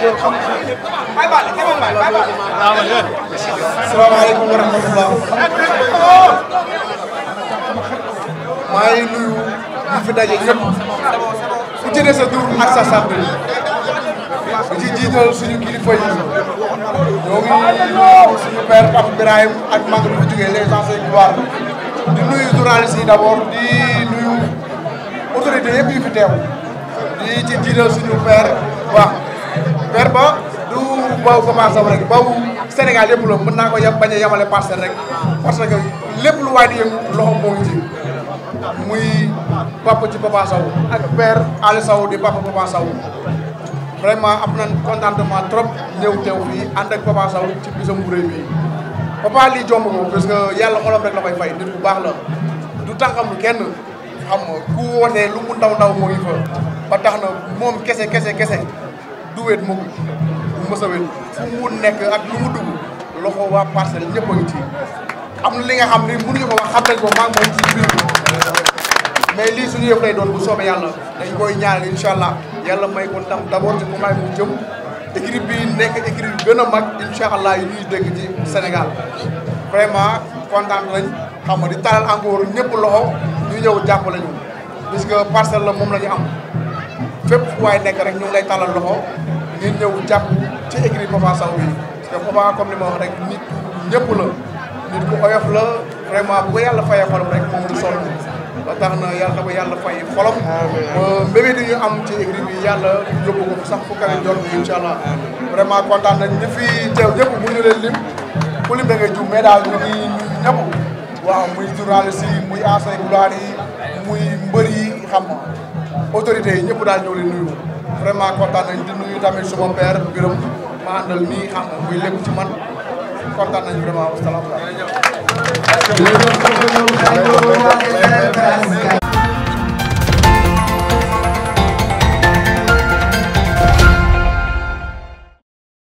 salaamaaleykum wa rahmatulah. maa ngi nuyu ñu fi daje ñëpp. ku ci sa tur ak sa sant. di ci jiital suñu kilifa yi. ñoo ngi suñu père Pape Birahim mag lu jógee les anciens gloires di nuyu journaliste yi d' abord di nuyu autorité yëpp yu fi teew. di ci suñu père waaw. père ba du boobu Papa Sow rek boobu Sénégal yëpp la mën naa ko yem bañ a yemale parcelle parce que lépp lu waay di yëngu loxo moo ngi ci muy papa ci Papa Sow ak père Aliou di papa Papa vraiment am nañ contentement trop ñëw teew fii ànd ak Papa Sow ci bisam bu rëy bi papa lii jomb ko parce que yàlla xolam rek la koy fay nit bu baax la du tànqamlu kenn xam ku wootee lu mu ndaw ndaw moo ngi fa tax na moom kese kese kese du wéet mukk du mës a wéet fu mu nekk ak lu mu dugg loxo waa parcelle ñëpp a ci am na li nga xam ne mënuñu ko wax xam nañ ko maa moom ci biir mais lii suñu yëf lay doon bu soobee yàlla dañ koy ñaan incha allah yàlla may ko ndam d' abord ci combat bu jëm équipe bi nekk équipe bi gën a mag incha allah yi ñuy dégg ci Sénégal vraiment kontaan nañ xam nga di talal encore ñëpp loxo ñu ñëw jàppale ñu puisque parcelle la moom la ñu am. fépp fu waay nekk rek ñu ngi lay tàllal loxo ngeen ñëw jàpp ci écrit Papa Sow bi parce que Papa comme ni ma wax rek ñëpp la nit ku oyof la vraiment bu ko yàlla fayee xolam rek moom du sonn yàlla fay xolam. mbébét yi ñu am ci écrit bi yàlla yóbbu ko sax fu kawe jot bi incha allah. vraiment kontaan nañ ñi fi teew ñëpp ñu leen lim ku lim da ngay jum mais daal ñu ngi ñëpp waaw muy journaliste muy ancien gloire yi muy mbër yi xam autorités yi ñëpp daal ñëw leen nuyu vraiment kontaan nañ di nuyu tamit suma père Birame ma àndal nii xam nga muy lépp ci man kontaan nañ vraiment wasalaamaaleykum